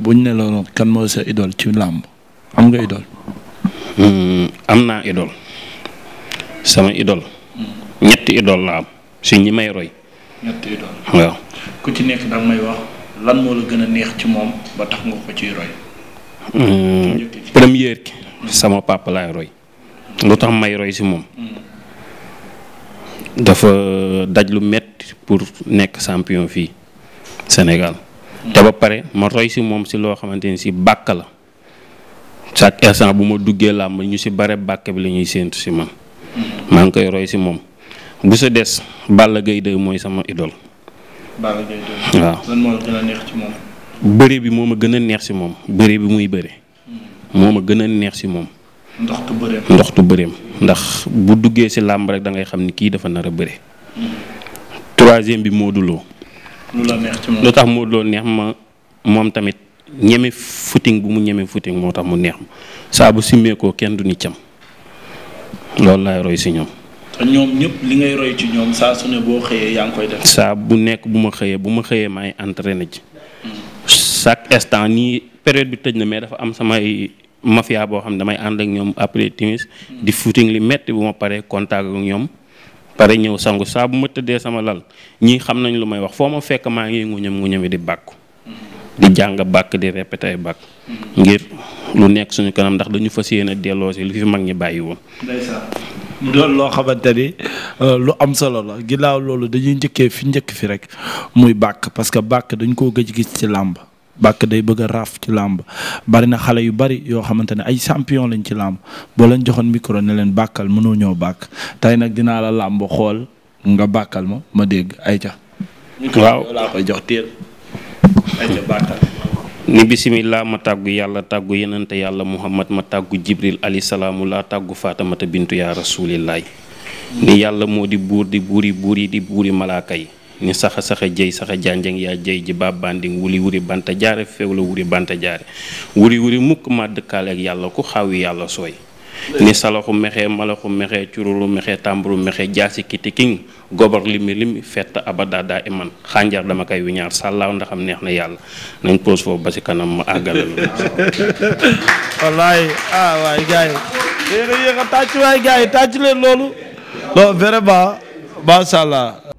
buñ ne loolu kan mooy sa idol ci làmb am nga idole. Hmm, am naa idole sama idole. Hmm. ñetti idole la am si ñi may roy. ñetti ku ci nekk danga may wax lan moo la gën a neex ci moom ba tax nga ko ciy roy. Hmm, première ki sama papa laay roy. lu tax may roy si moom. dafa daj lu metti pour nekk sampion fii Sénégal. te ba pare ma roy si moom si loo xamante ni si bàkk la chaque instant bu ma duggee làmb ñu si bare bàkk bi la ñuy séentu si man maa ngi koy roy si moom bu sa des Balla Gaye 2 mooy sama idole. Balla Gaye moom. bi moo gën a neex si moom bëre bi muy bëre. moo gën a neex si moom. ndoxtu bëreem ndoxtu bëreem ndax bu duggee si làmb rek da ngay xam ni kii dafa nar a bëre. Hmm. troisième bi Modou Lo lu la neex tax mu doo neex ma moom tamit ñeme footing bu mu ñeme footing moo tax mu neex ma saa bu simmeekoo kenn du ni cam loolu laay roy si ñoom. te saa su ne boo xëyee yaa ngi koy def. saa bu nekk bu ma xëyee bu ma xëyee maay entre ji. chaque instant nii période bi tëj na mais dafa am samay mafia boo xam ne damay ànd ak ñoom après timis di footing li metti bu ma paree contact ak ñoom. pare ñëw sangu saa bu ma tëddee sama lal ñii xam nañ lu may wax foo ma fekk maa ngi nguñam nguñami di bàkku di jàng bàkk di répété ay bàkk ngir lu nekk suñu kanam ndax dañu fas yéene delloo si lu fi mag ñi bàyyi woon loolu loo xamante ni euh, lu am solo la ginnaaw loolu dañuy njëkkee fi njëkk fi rek muy bàkk parce que bàkk dañ ko gëj gis ci làmb Bàkk day bëgg a raaf ci làmb bari na xale yu bari yoo xamante ne ay champion lañ ci làmb boo leen joxoon micro ne leen bàkkal mënoo ñëw bàkk tey nag dinaa la làmb xool nga bàkkal ma ma dégg ay ca waaw laa ni bisimilaa ma tàggu yàlla tàggu yenente yàlla muhammad ma tàggu jibril ali salaamu laa tàggu faatamata bintu yaa rasulillaay ni yàlla moo di buur di buuri buur yi di buuri malaaka yi ni saxa saxa jey saxa janjang yaa jey ji babanding wuli wuri banta jaare feewla wuri banta jaare wuri wuri mukk ma dëkkaale ak yàlla ku xawi yàlla sooy ni salaxu mexe malaxu mexe cururu mexe tàmburu mexe jaasi kiti king gobar limi limi fett abada daa iman xànjar dama koy wiñaar sàllaaw ndax am neex na yàlla nañ pose foofu ba si kanam ma àggale lu wallaay ah waay gars a yéex a tàcc waay gars tàcc leen loolu non vraiment macha allah